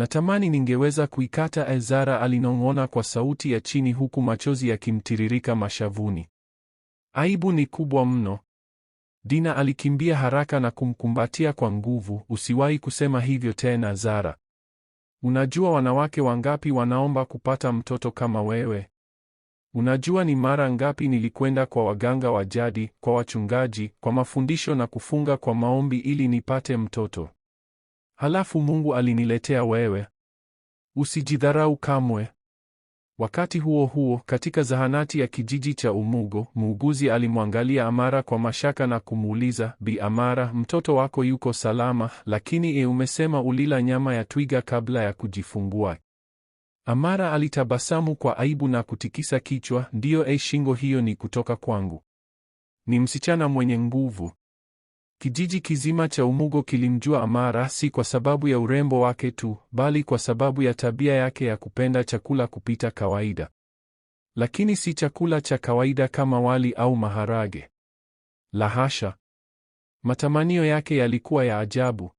Natamani ningeweza kuikata, ezara alinong'ona kwa sauti ya chini huku machozi yakimtiririka mashavuni. Aibu ni kubwa mno. Dina alikimbia haraka na kumkumbatia kwa nguvu. Usiwahi kusema hivyo tena, Zara. Unajua wanawake wangapi wanaomba kupata mtoto kama wewe? Unajua ni mara ngapi nilikwenda kwa waganga wa jadi, kwa wachungaji, kwa mafundisho na kufunga kwa maombi ili nipate mtoto? halafu Mungu aliniletea wewe. Usijidharau kamwe. Wakati huo huo, katika zahanati ya kijiji cha Umugo, muuguzi alimwangalia Amara kwa mashaka na kumuuliza, Bi Amara, mtoto wako yuko salama, lakini e, umesema ulila nyama ya twiga kabla ya kujifungua. Amara alitabasamu kwa aibu na kutikisa kichwa, ndiyo e, shingo hiyo ni kutoka kwangu. Ni msichana mwenye nguvu. Kijiji kizima cha Umugo kilimjua Amara si kwa sababu ya urembo wake tu, bali kwa sababu ya tabia yake ya kupenda chakula kupita kawaida. Lakini si chakula cha kawaida kama wali au maharage. Lahasha. Matamanio yake yalikuwa ya ajabu.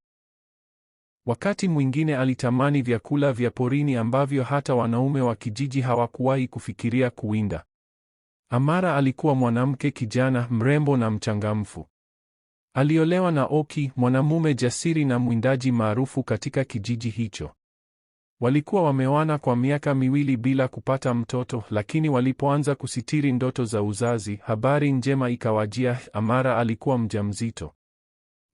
Wakati mwingine alitamani vyakula vya porini ambavyo hata wanaume wa kijiji hawakuwahi kufikiria kuwinda. Amara alikuwa mwanamke kijana mrembo na mchangamfu. Aliolewa na Oki, mwanamume jasiri na mwindaji maarufu katika kijiji hicho. Walikuwa wameoana kwa miaka miwili bila kupata mtoto, lakini walipoanza kusitiri ndoto za uzazi, habari njema ikawajia: Amara alikuwa mjamzito.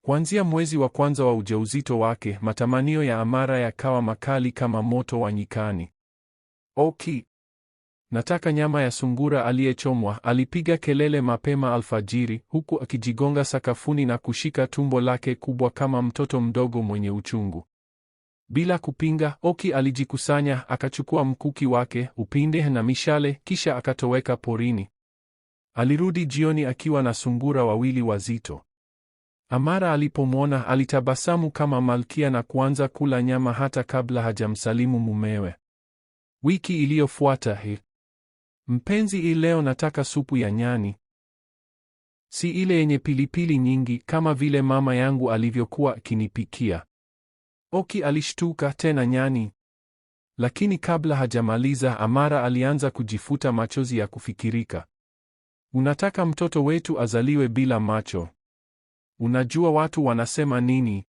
Kuanzia mwezi wa kwanza wa ujauzito wake, matamanio ya Amara yakawa makali kama moto wa nyikani. Oki Nataka nyama ya sungura aliyechomwa, alipiga kelele mapema alfajiri, huku akijigonga sakafuni na kushika tumbo lake kubwa kama mtoto mdogo mwenye uchungu. Bila kupinga, Oki alijikusanya, akachukua mkuki wake, upinde na mishale, kisha akatoweka porini. Alirudi jioni akiwa na sungura wawili wazito. Amara alipomwona alitabasamu kama malkia na kuanza kula nyama hata kabla hajamsalimu mumewe. Wiki iliyofuata Mpenzi, hii leo nataka supu ya nyani, si ile yenye pilipili nyingi kama vile mama yangu alivyokuwa akinipikia. Oki alishtuka, tena nyani? Lakini kabla hajamaliza, Amara alianza kujifuta machozi ya kufikirika. Unataka mtoto wetu azaliwe bila macho? Unajua watu wanasema nini?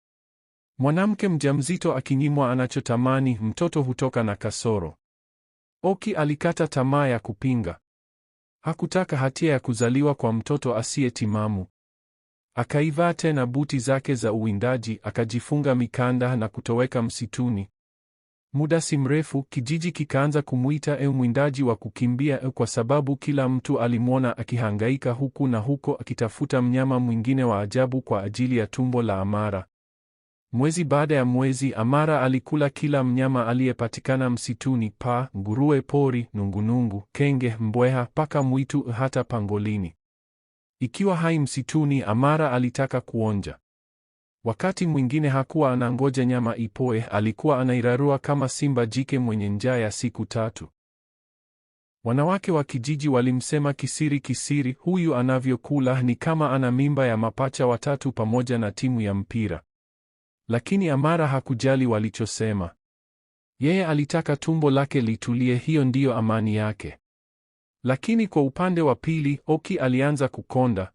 Mwanamke mjamzito akinyimwa anachotamani, mtoto hutoka na kasoro. Oki alikata tamaa ya kupinga. Hakutaka hatia ya kuzaliwa kwa mtoto asiye timamu. Akaivaa tena buti zake za uwindaji, akajifunga mikanda na kutoweka msituni. Muda si mrefu, kijiji kikaanza kumuita eu mwindaji wa kukimbia e, kwa sababu kila mtu alimwona akihangaika huku na huko akitafuta mnyama mwingine wa ajabu kwa ajili ya tumbo la Amara. Mwezi baada ya mwezi, Amara alikula kila mnyama aliyepatikana msituni: paa, nguruwe pori, nungunungu, kenge, mbweha, paka mwitu, hata pangolini. Ikiwa hai msituni, Amara alitaka kuonja. Wakati mwingine hakuwa anangoja nyama ipoe, alikuwa anairarua kama simba jike mwenye njaa ya siku tatu. Wanawake wa kijiji walimsema kisiri kisiri, huyu anavyokula ni kama ana mimba ya mapacha watatu pamoja na timu ya mpira. Lakini Amara hakujali walichosema. Yeye alitaka tumbo lake litulie, hiyo ndiyo amani yake. Lakini kwa upande wa pili, Oki alianza kukonda.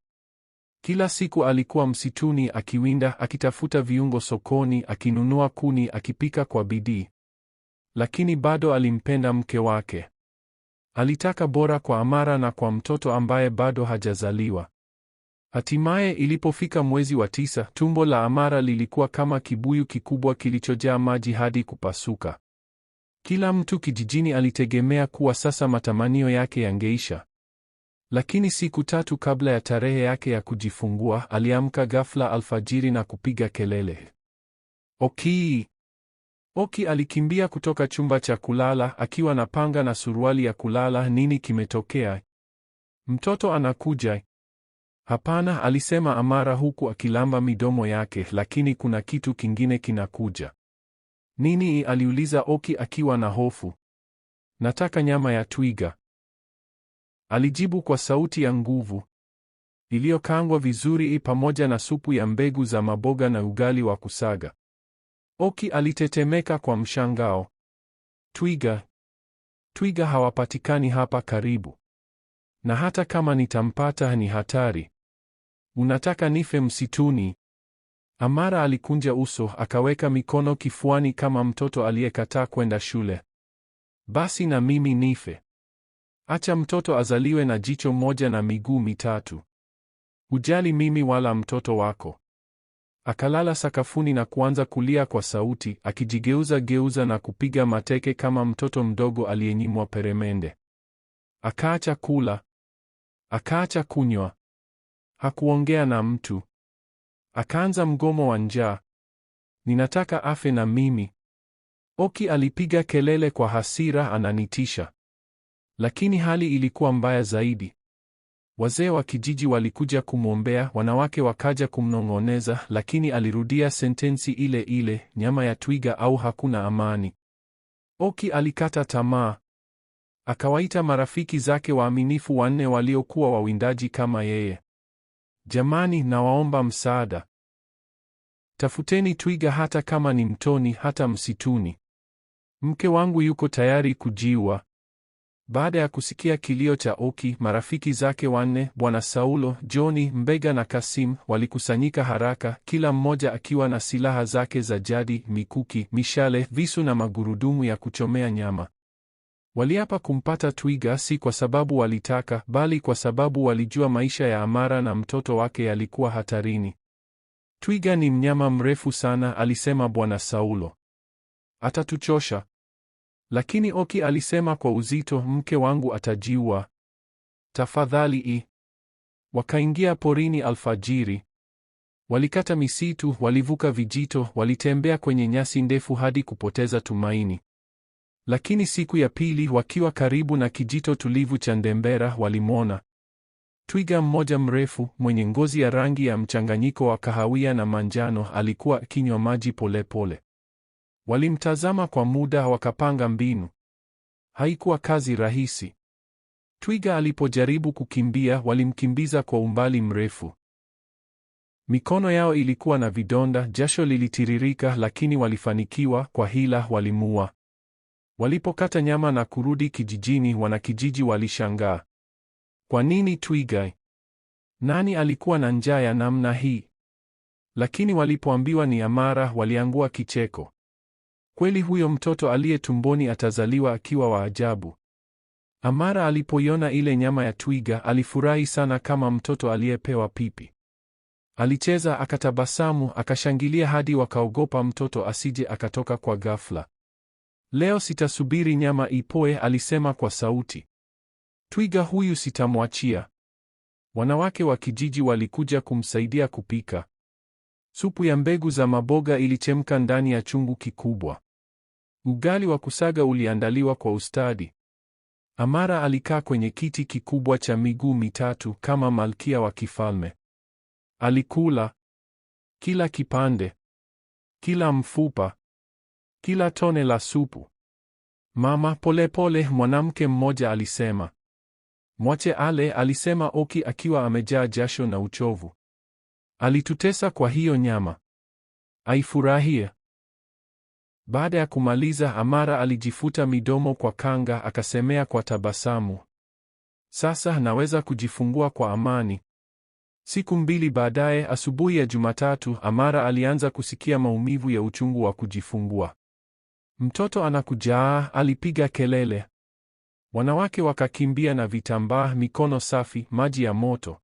Kila siku alikuwa msituni akiwinda, akitafuta viungo sokoni, akinunua kuni, akipika kwa bidii. Lakini bado alimpenda mke wake. Alitaka bora kwa Amara na kwa mtoto ambaye bado hajazaliwa. Hatimaye ilipofika mwezi wa tisa, tumbo la Amara lilikuwa kama kibuyu kikubwa kilichojaa maji hadi kupasuka. Kila mtu kijijini alitegemea kuwa sasa matamanio yake yangeisha. Lakini siku tatu kabla ya tarehe yake ya kujifungua, aliamka ghafla alfajiri na kupiga kelele, Oki! Oki alikimbia kutoka chumba cha kulala akiwa na panga na suruali ya kulala. Nini kimetokea? Mtoto anakuja. Hapana, alisema Amara huku akilamba midomo yake, lakini kuna kitu kingine kinakuja. Nini? aliuliza Oki akiwa na hofu. Nataka nyama ya twiga, alijibu kwa sauti ya nguvu, iliyokangwa vizuri, pamoja na supu ya mbegu za maboga na ugali wa kusaga. Oki alitetemeka kwa mshangao. Twiga? Twiga hawapatikani hapa karibu, na hata kama nitampata ni hatari. Unataka nife msituni? Amara alikunja uso akaweka mikono kifuani kama mtoto aliyekataa kwenda shule. Basi na mimi nife. Acha mtoto azaliwe na jicho moja na miguu mitatu. Hujali mimi wala mtoto wako. Akalala sakafuni na kuanza kulia kwa sauti, akijigeuza geuza na kupiga mateke kama mtoto mdogo aliyenyimwa peremende. Akaacha kula, akaacha kunywa. Hakuongea na mtu, akaanza mgomo wa njaa. Ninataka afe na mimi. Oki alipiga kelele kwa hasira, ananitisha. Lakini hali ilikuwa mbaya zaidi. Wazee wa kijiji walikuja kumwombea, wanawake wakaja kumnong'oneza, lakini alirudia sentensi ile ile, nyama ya twiga au hakuna amani. Oki alikata tamaa. Akawaita marafiki zake waaminifu wanne waliokuwa wawindaji kama yeye. Jamani, nawaomba msaada. Tafuteni twiga hata kama ni mtoni, hata msituni. Mke wangu yuko tayari kujiua. Baada ya kusikia kilio cha Oki, marafiki zake wanne, Bwana Saulo, Joni, Mbega na Kasim, walikusanyika haraka, kila mmoja akiwa na silaha zake za jadi: mikuki, mishale, visu na magurudumu ya kuchomea nyama. Waliapa kumpata Twiga si kwa sababu walitaka, bali kwa sababu walijua maisha ya Amara na mtoto wake yalikuwa hatarini. Twiga ni mnyama mrefu sana, alisema Bwana Saulo. Atatuchosha. Lakini Oki alisema kwa uzito, mke wangu atajiua. Tafadhali i. Wakaingia porini alfajiri. Walikata misitu, walivuka vijito, walitembea kwenye nyasi ndefu hadi kupoteza tumaini. Lakini siku ya pili wakiwa karibu na kijito tulivu cha Ndembera walimwona twiga mmoja mrefu mwenye ngozi ya rangi ya mchanganyiko wa kahawia na manjano. Alikuwa akinywa maji polepole. Walimtazama kwa muda, wakapanga mbinu. Haikuwa kazi rahisi. Twiga alipojaribu kukimbia, walimkimbiza kwa umbali mrefu. Mikono yao ilikuwa na vidonda, jasho lilitiririka, lakini walifanikiwa. Kwa hila, walimua. Walipokata nyama na kurudi kijijini, wanakijiji walishangaa. Kwa nini twiga? Nani alikuwa na njaa ya namna hii? Lakini walipoambiwa ni Amara, waliangua kicheko. Kweli huyo mtoto aliye tumboni atazaliwa akiwa wa ajabu. Amara alipoiona ile nyama ya twiga alifurahi sana kama mtoto aliyepewa pipi. Alicheza, akatabasamu, akashangilia hadi wakaogopa mtoto asije akatoka kwa ghafla. Leo sitasubiri nyama ipoe, alisema kwa sauti. Twiga huyu sitamwachia. Wanawake wa kijiji walikuja kumsaidia kupika. Supu ya mbegu za maboga ilichemka ndani ya chungu kikubwa. Ugali wa kusaga uliandaliwa kwa ustadi. Amara alikaa kwenye kiti kikubwa cha miguu mitatu kama malkia wa kifalme. Alikula kila kipande, kila mfupa, kila tone la supu. Mama polepole pole, mwanamke mmoja alisema. Mwache ale, alisema Oki akiwa amejaa jasho na uchovu. Alitutesa kwa hiyo nyama, aifurahie. Baada ya kumaliza, Amara alijifuta midomo kwa kanga, akasemea kwa tabasamu, sasa naweza kujifungua kwa amani. Siku mbili baadaye, asubuhi ya Jumatatu, Amara alianza kusikia maumivu ya uchungu wa kujifungua. Mtoto anakujaa, alipiga kelele. Wanawake wakakimbia na vitambaa, mikono safi, maji ya moto.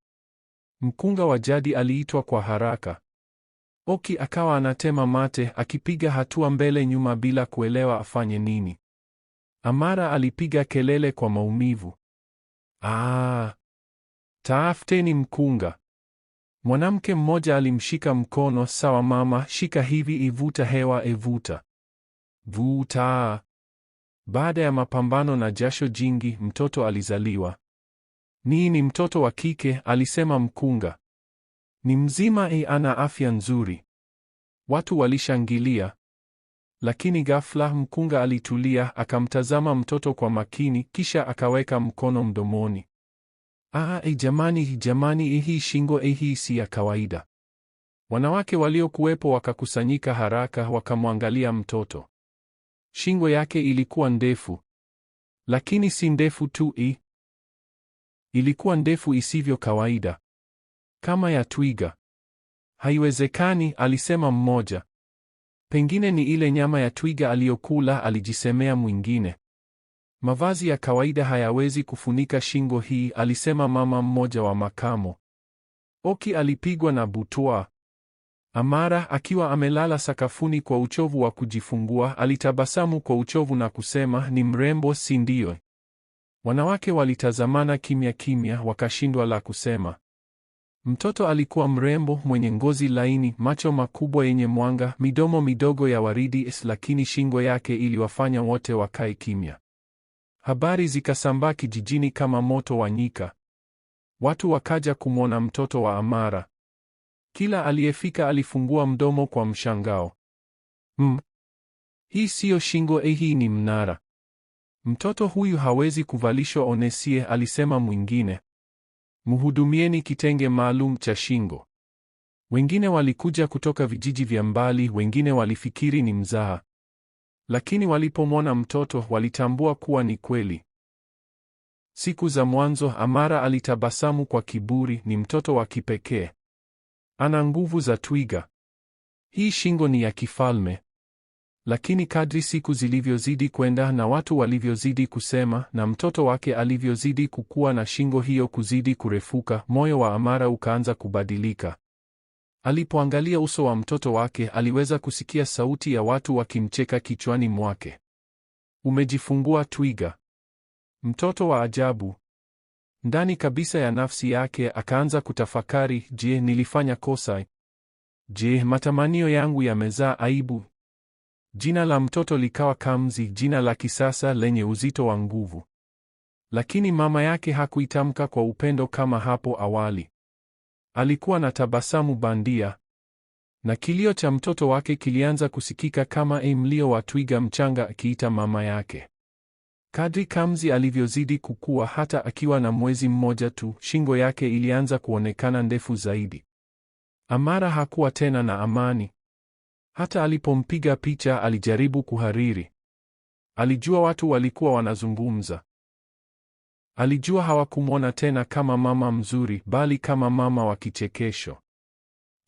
Mkunga wa jadi aliitwa kwa haraka. Oki akawa anatema mate, akipiga hatua mbele nyuma, bila kuelewa afanye nini. Amara alipiga kelele kwa maumivu, ah, taafteni mkunga! Mwanamke mmoja alimshika mkono, sawa mama, shika hivi, ivuta hewa, evuta vuta. Baada ya mapambano na jasho jingi, mtoto alizaliwa. Nii ni mtoto wa kike, alisema mkunga. Ni mzima, e, ana afya nzuri. Watu walishangilia. Lakini ghafla mkunga alitulia, akamtazama mtoto kwa makini, kisha akaweka mkono mdomoni. Aa, e, jamani, jamani, e, hii shingo, e, hii si ya kawaida. Wanawake waliokuwepo wakakusanyika haraka, wakamwangalia mtoto. Shingo yake ilikuwa ndefu, lakini si ndefu tu i ilikuwa ndefu isivyo kawaida, kama ya twiga. Haiwezekani, alisema mmoja. Pengine ni ile nyama ya twiga aliyokula, alijisemea mwingine. Mavazi ya kawaida hayawezi kufunika shingo hii, alisema mama mmoja wa makamo. Oki alipigwa na butwaa. Amara akiwa amelala sakafuni kwa uchovu wa kujifungua, alitabasamu kwa uchovu na kusema, ni mrembo, si ndio? Wanawake walitazamana kimya kimya, wakashindwa la kusema. Mtoto alikuwa mrembo, mwenye ngozi laini, macho makubwa yenye mwanga, midomo midogo ya waridi, lakini shingo yake iliwafanya wote wakae kimya. Habari zikasambaa kijijini kama moto wa nyika. Watu wakaja kumwona mtoto wa Amara. Kila aliyefika alifungua mdomo kwa mshangao. Mm. Hii siyo shingo eh, hii ni mnara. Mtoto huyu hawezi kuvalishwa Onesie, alisema mwingine. Mhudumieni kitenge maalum cha shingo. Wengine walikuja kutoka vijiji vya mbali, wengine walifikiri ni mzaha. Lakini walipomwona mtoto walitambua kuwa ni kweli. Siku za mwanzo Amara alitabasamu kwa kiburi, ni mtoto wa kipekee. Ana nguvu za twiga. Hii shingo ni ya kifalme. Lakini kadri siku zilivyozidi kwenda na watu walivyozidi kusema na mtoto wake alivyozidi kukua na shingo hiyo kuzidi kurefuka, moyo wa Amara ukaanza kubadilika. Alipoangalia uso wa mtoto wake, aliweza kusikia sauti ya watu wakimcheka kichwani mwake. Umejifungua twiga. Mtoto wa ajabu. Ndani kabisa ya nafsi yake akaanza kutafakari, je, nilifanya kosa? Je, matamanio yangu yamezaa aibu? Jina la mtoto likawa Kamzi, jina la kisasa lenye uzito wa nguvu. Lakini mama yake hakuitamka kwa upendo kama hapo awali. Alikuwa na tabasamu bandia, na kilio cha mtoto wake kilianza kusikika kama mlio wa twiga mchanga akiita mama yake. Kadri Kamzi alivyozidi kukua, hata akiwa na mwezi mmoja tu, shingo yake ilianza kuonekana ndefu zaidi. Amara hakuwa tena na amani. Hata alipompiga picha alijaribu kuhariri. Alijua watu walikuwa wanazungumza. Alijua hawakumwona tena kama mama mzuri, bali kama mama wa kichekesho.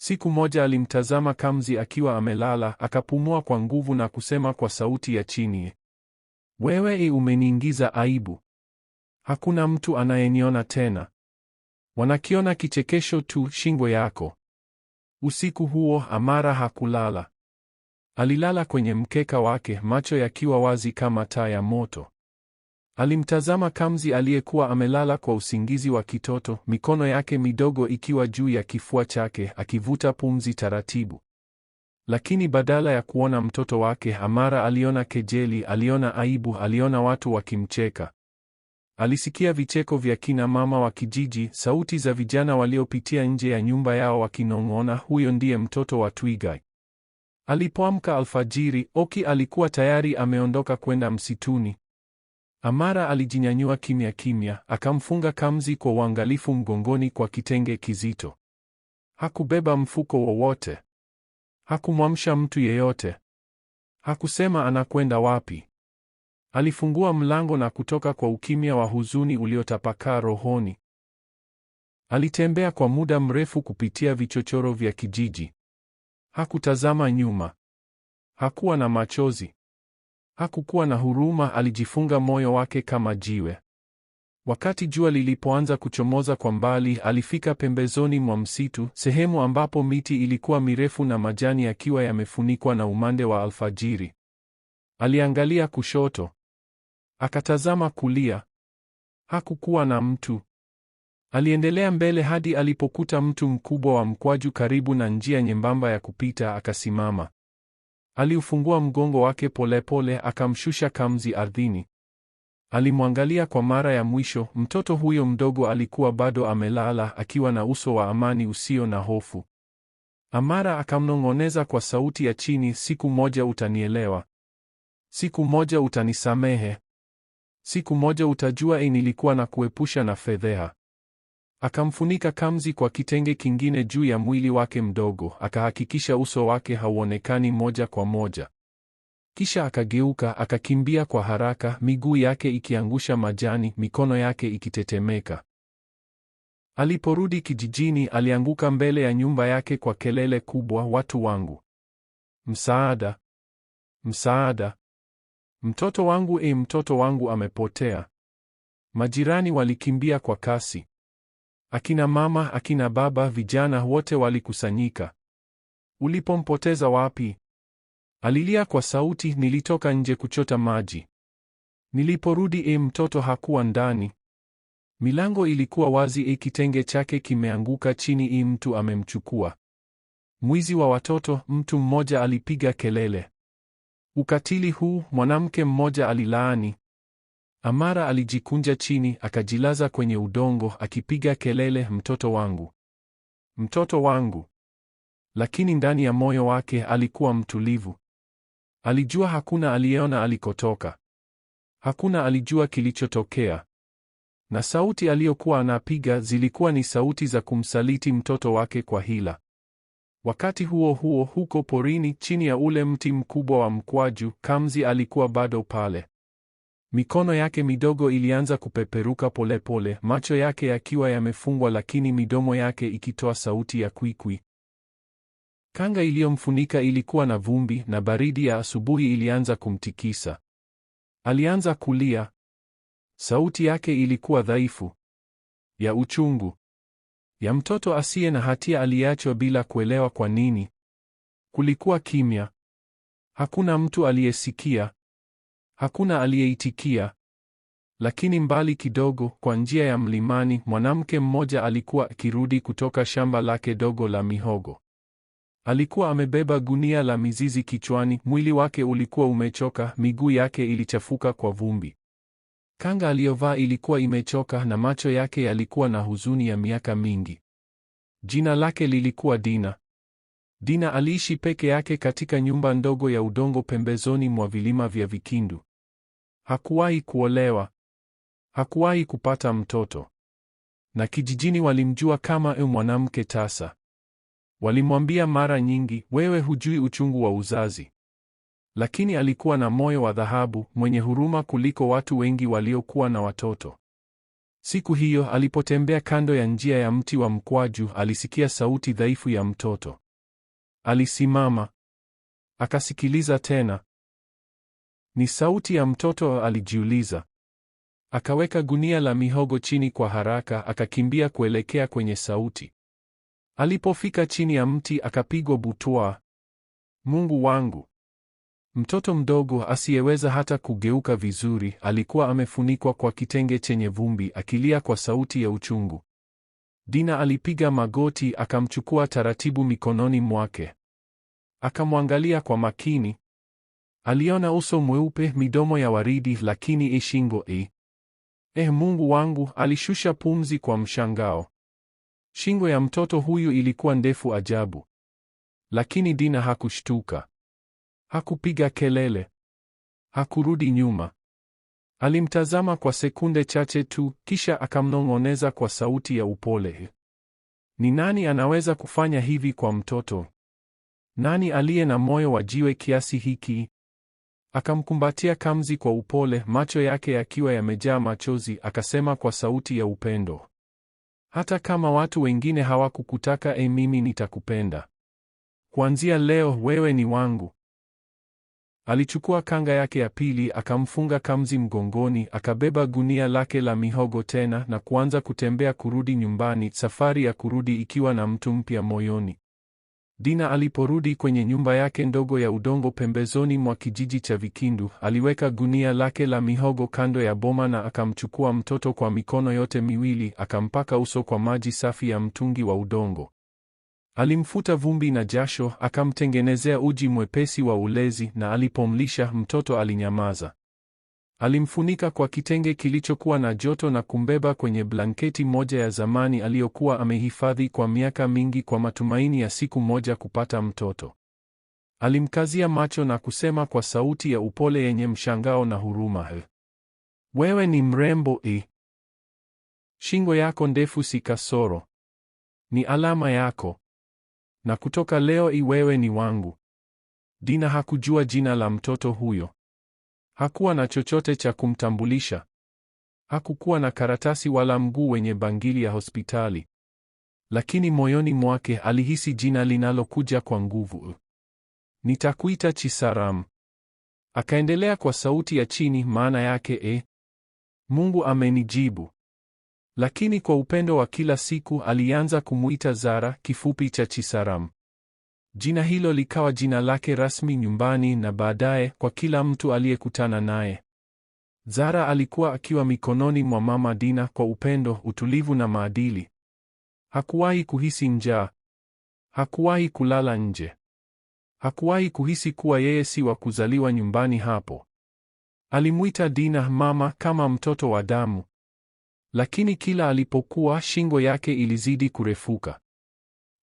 Siku moja alimtazama Kamzi akiwa amelala, akapumua kwa nguvu na kusema kwa sauti ya chini, wewe umeniingiza aibu. Hakuna mtu anayeniona tena, wanakiona kichekesho tu, shingo yako. Usiku huo Amara hakulala. Alilala kwenye mkeka wake, macho yakiwa wazi kama taa ya moto. Alimtazama Kamzi aliyekuwa amelala kwa usingizi wa kitoto, mikono yake midogo ikiwa juu ya kifua chake, akivuta pumzi taratibu. Lakini badala ya kuona mtoto wake Amara aliona kejeli, aliona aibu, aliona watu wakimcheka. Alisikia vicheko vya kina mama wa kijiji, sauti za vijana waliopitia nje ya nyumba yao wakinong'ona, huyo ndiye mtoto wa Twiga. Alipoamka alfajiri, Oki alikuwa tayari ameondoka kwenda msituni. Amara alijinyanyua kimya kimya, akamfunga Kamzi kwa uangalifu mgongoni kwa kitenge kizito. Hakubeba mfuko wowote. Hakumwamsha mtu yeyote. Hakusema anakwenda wapi. Alifungua mlango na kutoka kwa ukimya wa huzuni uliotapakaa rohoni. Alitembea kwa muda mrefu kupitia vichochoro vya kijiji. Hakutazama nyuma. Hakuwa na machozi. Hakukuwa na huruma, alijifunga moyo wake kama jiwe. Wakati jua lilipoanza kuchomoza kwa mbali, alifika pembezoni mwa msitu, sehemu ambapo miti ilikuwa mirefu na majani yakiwa yamefunikwa na umande wa alfajiri. Aliangalia kushoto, akatazama kulia. Hakukuwa na mtu. Aliendelea mbele hadi alipokuta mtu mkubwa wa mkwaju karibu na njia nyembamba ya kupita, akasimama. Aliufungua mgongo wake polepole, akamshusha kamzi ardhini. Alimwangalia kwa mara ya mwisho, mtoto huyo mdogo alikuwa bado amelala akiwa na uso wa amani usio na hofu. Amara akamnong'oneza kwa sauti ya chini, siku moja utanielewa. Siku moja utanisamehe. Siku moja utajua e, nilikuwa na kuepusha na fedheha. Akamfunika kamzi kwa kitenge kingine juu ya mwili wake mdogo, akahakikisha uso wake hauonekani moja kwa moja. Kisha akageuka akakimbia kwa haraka, miguu yake ikiangusha majani, mikono yake ikitetemeka. Aliporudi kijijini, alianguka mbele ya nyumba yake kwa kelele kubwa, watu wangu, msaada, msaada! Mtoto wangu, e, mtoto wangu amepotea! Majirani walikimbia kwa kasi, akina mama, akina baba, vijana wote walikusanyika. Ulipompoteza wapi? Alilia kwa sauti, nilitoka nje kuchota maji. Niliporudi e, mtoto hakuwa ndani. Milango ilikuwa wazi, e, kitenge chake kimeanguka chini, e, mtu amemchukua. Mwizi wa watoto, mtu mmoja alipiga kelele. Ukatili huu, mwanamke mmoja alilaani. Amara alijikunja chini, akajilaza kwenye udongo, akipiga kelele, mtoto wangu, mtoto wangu! Lakini ndani ya moyo wake alikuwa mtulivu. Alijua hakuna aliyeona alikotoka, hakuna alijua kilichotokea, na sauti aliyokuwa anapiga zilikuwa ni sauti za kumsaliti mtoto wake kwa hila. Wakati huo huo, huko porini, chini ya ule mti mkubwa wa mkwaju, Kamzi alikuwa bado pale. Mikono yake midogo ilianza kupeperuka polepole pole, macho yake yakiwa yamefungwa, lakini midomo yake ikitoa sauti ya kwikwi. Kanga iliyomfunika ilikuwa na vumbi na baridi ya asubuhi ilianza kumtikisa. Alianza kulia. Sauti yake ilikuwa dhaifu, ya uchungu, ya mtoto asiye na hatia aliyeachwa bila kuelewa kwa nini. Kulikuwa kimya. Hakuna mtu aliyesikia. Hakuna aliyeitikia. Lakini mbali kidogo, kwa njia ya mlimani, mwanamke mmoja alikuwa akirudi kutoka shamba lake dogo la mihogo. Alikuwa amebeba gunia la mizizi kichwani, mwili wake ulikuwa umechoka, miguu yake ilichafuka kwa vumbi. Kanga aliyovaa ilikuwa imechoka na macho yake yalikuwa na huzuni ya miaka mingi. Jina lake lilikuwa Dina. Dina aliishi peke yake katika nyumba ndogo ya udongo pembezoni mwa vilima vya Vikindu. Hakuwahi kuolewa. Hakuwahi kupata mtoto. Na kijijini walimjua kama e mwanamke tasa. Walimwambia mara nyingi, wewe hujui uchungu wa uzazi. Lakini alikuwa na moyo wa dhahabu, mwenye huruma kuliko watu wengi waliokuwa na watoto. Siku hiyo alipotembea kando ya njia ya mti wa mkwaju, alisikia sauti dhaifu ya mtoto. Alisimama, akasikiliza tena. Ni sauti ya mtoto, alijiuliza. Akaweka gunia la mihogo chini kwa haraka, akakimbia kuelekea kwenye sauti. Alipofika chini ya mti akapigwa butwa. Mungu wangu! Mtoto mdogo asiyeweza hata kugeuka vizuri alikuwa amefunikwa kwa kitenge chenye vumbi akilia kwa sauti ya uchungu. Dina alipiga magoti akamchukua taratibu mikononi mwake. Akamwangalia kwa makini. Aliona uso mweupe, midomo ya waridi, lakini ishingo i. Eh, Mungu wangu! Alishusha pumzi kwa mshangao. Shingo ya mtoto huyu ilikuwa ndefu ajabu, lakini Dina hakushtuka, hakupiga kelele, hakurudi nyuma. Alimtazama kwa sekunde chache tu, kisha akamnong'oneza kwa sauti ya upole, ni nani anaweza kufanya hivi kwa mtoto? Nani aliye na moyo wa jiwe kiasi hiki? Akamkumbatia Kamzi kwa upole, macho yake yakiwa yamejaa machozi, akasema kwa sauti ya upendo, hata kama watu wengine hawakukutaka, e, mimi nitakupenda. Kuanzia leo wewe ni wangu. Alichukua kanga yake ya pili, akamfunga Kamzi mgongoni, akabeba gunia lake la mihogo tena na kuanza kutembea kurudi nyumbani, safari ya kurudi ikiwa na mtu mpya moyoni. Dina aliporudi kwenye nyumba yake ndogo ya udongo pembezoni mwa kijiji cha Vikindu, aliweka gunia lake la mihogo kando ya boma na akamchukua mtoto kwa mikono yote miwili, akampaka uso kwa maji safi ya mtungi wa udongo. Alimfuta vumbi na jasho, akamtengenezea uji mwepesi wa ulezi na alipomlisha, mtoto alinyamaza. Alimfunika kwa kitenge kilichokuwa na joto na kumbeba kwenye blanketi moja ya zamani aliyokuwa amehifadhi kwa miaka mingi kwa matumaini ya siku moja kupata mtoto. Alimkazia macho na kusema kwa sauti ya upole yenye mshangao na huruma, eh, wewe ni mrembo i. Eh. Shingo yako ndefu si kasoro, ni alama yako, na kutoka leo i eh, wewe ni wangu. Dina hakujua jina la mtoto huyo. Hakuwa na chochote cha kumtambulisha. Hakukuwa na karatasi wala mguu wenye bangili ya hospitali. Lakini moyoni mwake alihisi jina linalokuja kwa nguvu. Nitakuita Chisaram. Akaendelea kwa sauti ya chini, maana yake e, Mungu amenijibu. Lakini kwa upendo wa kila siku alianza kumuita Zara, kifupi cha Chisaram. Jina hilo likawa jina lake rasmi nyumbani na baadaye kwa kila mtu aliyekutana naye. Zara alikuwa akiwa mikononi mwa Mama Dina kwa upendo, utulivu na maadili. Hakuwahi kuhisi njaa. Hakuwahi kulala nje. Hakuwahi kuhisi kuwa yeye si wa kuzaliwa nyumbani hapo. Alimwita Dina mama kama mtoto wa damu. Lakini kila alipokuwa, shingo yake ilizidi kurefuka.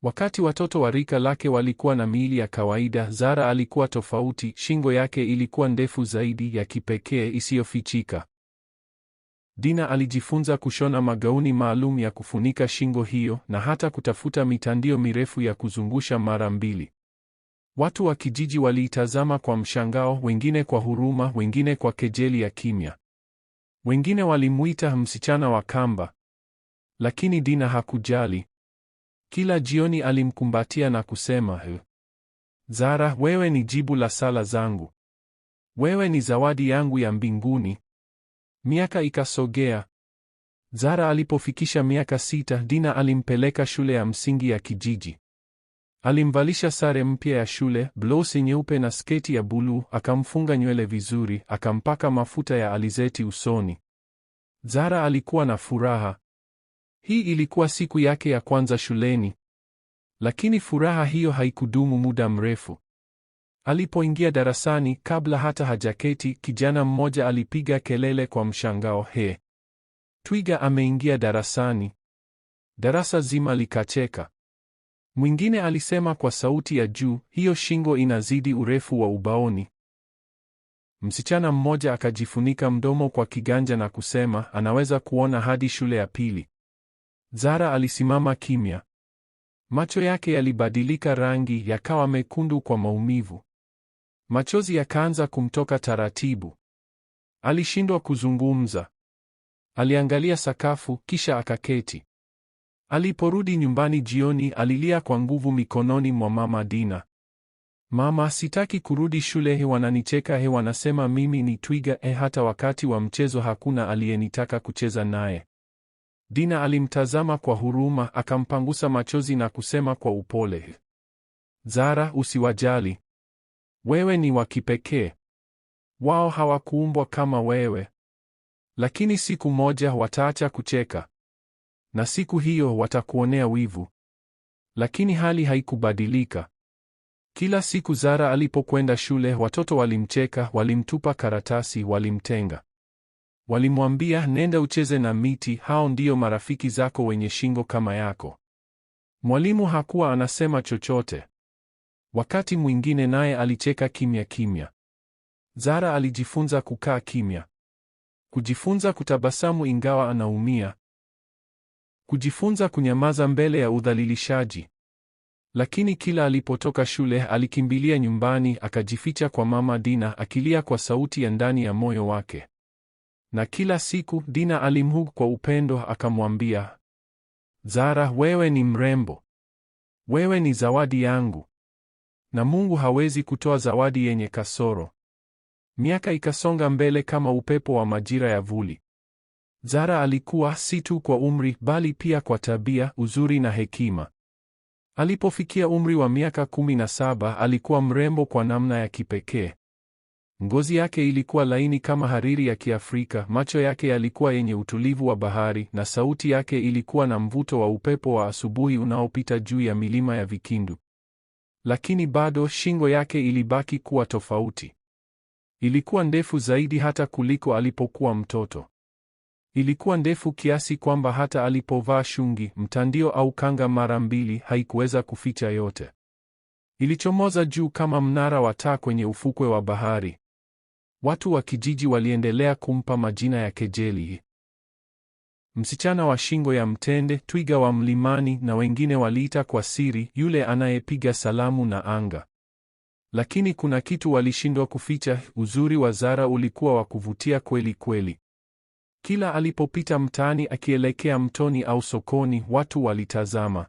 Wakati watoto wa rika lake walikuwa na miili ya kawaida, Zara alikuwa tofauti. Shingo yake ilikuwa ndefu zaidi, ya kipekee, isiyofichika. Dina alijifunza kushona magauni maalum ya kufunika shingo hiyo na hata kutafuta mitandio mirefu ya kuzungusha mara mbili. Watu wa kijiji waliitazama kwa mshangao, wengine kwa huruma, wengine kwa kejeli ya kimya. Wengine walimuita msichana wa kamba. Lakini Dina hakujali. Kila jioni alimkumbatia na kusema hu, Zara, wewe ni jibu la sala zangu, wewe ni zawadi yangu ya mbinguni. Miaka ikasogea. Zara alipofikisha miaka sita, Dina alimpeleka shule ya msingi ya kijiji. Alimvalisha sare mpya ya shule, blouse nyeupe na sketi ya buluu, akamfunga nywele vizuri, akampaka mafuta ya alizeti usoni. Zara alikuwa na furaha. Hii ilikuwa siku yake ya kwanza shuleni, lakini furaha hiyo haikudumu muda mrefu. Alipoingia darasani, kabla hata hajaketi, kijana mmoja alipiga kelele kwa mshangao, he, Twiga ameingia darasani! Darasa zima likacheka. Mwingine alisema kwa sauti ya juu, hiyo shingo inazidi urefu wa ubaoni. Msichana mmoja akajifunika mdomo kwa kiganja na kusema, anaweza kuona hadi shule ya pili. Zara alisimama kimya. Macho yake yalibadilika rangi, yakawa mekundu kwa maumivu. Machozi yakaanza kumtoka taratibu. Alishindwa kuzungumza. Aliangalia sakafu, kisha akaketi. Aliporudi nyumbani jioni, alilia kwa nguvu mikononi mwa mama Dina. Mama, sitaki kurudi shule. He, wananicheka. He, wanasema mimi ni twiga. E, hata wakati wa mchezo hakuna aliyenitaka kucheza naye. Dina alimtazama kwa huruma, akampangusa machozi na kusema kwa upole, Zara, usiwajali. Wewe ni wa kipekee. Wao hawakuumbwa kama wewe. Lakini siku moja wataacha kucheka. Na siku hiyo watakuonea wivu. Lakini hali haikubadilika. Kila siku Zara alipokwenda shule, watoto walimcheka, walimtupa karatasi, walimtenga. Walimwambia, nenda ucheze na miti, hao ndio marafiki zako wenye shingo kama yako. Mwalimu hakuwa anasema chochote. Wakati mwingine naye alicheka kimya kimya. Zara alijifunza kukaa kimya, kujifunza kutabasamu ingawa anaumia, kujifunza kunyamaza mbele ya udhalilishaji. Lakini kila alipotoka shule alikimbilia nyumbani, akajificha kwa mama Dina, akilia kwa sauti ya ndani ya moyo wake. Na kila siku Dina alimhug kwa upendo, akamwambia Zara, wewe ni mrembo, wewe ni zawadi yangu, na Mungu hawezi kutoa zawadi yenye kasoro. Miaka ikasonga mbele kama upepo wa majira ya vuli. Zara alikuwa si tu kwa umri bali pia kwa tabia, uzuri na hekima. Alipofikia umri wa miaka kumi na saba alikuwa mrembo kwa namna ya kipekee. Ngozi yake ilikuwa laini kama hariri ya Kiafrika, macho yake yalikuwa yenye utulivu wa bahari, na sauti yake ilikuwa na mvuto wa upepo wa asubuhi unaopita juu ya milima ya Vikindu. Lakini bado shingo yake ilibaki kuwa tofauti. Ilikuwa ndefu zaidi hata kuliko alipokuwa mtoto. Ilikuwa ndefu kiasi kwamba hata alipovaa shungi, mtandio au kanga mara mbili, haikuweza kuficha yote. Ilichomoza juu kama mnara wa taa kwenye ufukwe wa bahari. Watu wa kijiji waliendelea kumpa majina ya kejeli: msichana wa shingo ya mtende, twiga wa mlimani, na wengine waliita kwa siri, yule anayepiga salamu na anga. Lakini kuna kitu walishindwa kuficha: uzuri wa Zara ulikuwa wa kuvutia kweli kweli. Kila alipopita mtaani akielekea mtoni au sokoni, watu walitazama.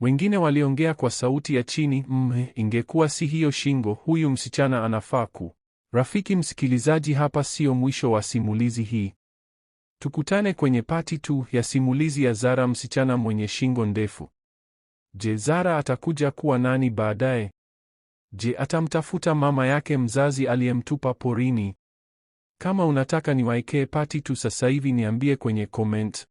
Wengine waliongea kwa sauti ya chini, mme ingekuwa si hiyo shingo, huyu msichana anafaa ku Rafiki msikilizaji, hapa sio mwisho wa simulizi hii. Tukutane kwenye pati tu ya simulizi ya Zara, msichana mwenye shingo ndefu. Je, Zara atakuja kuwa nani baadaye? Je, atamtafuta mama yake mzazi aliyemtupa porini? Kama unataka niwaekee pati tu sasa hivi, niambie kwenye comment.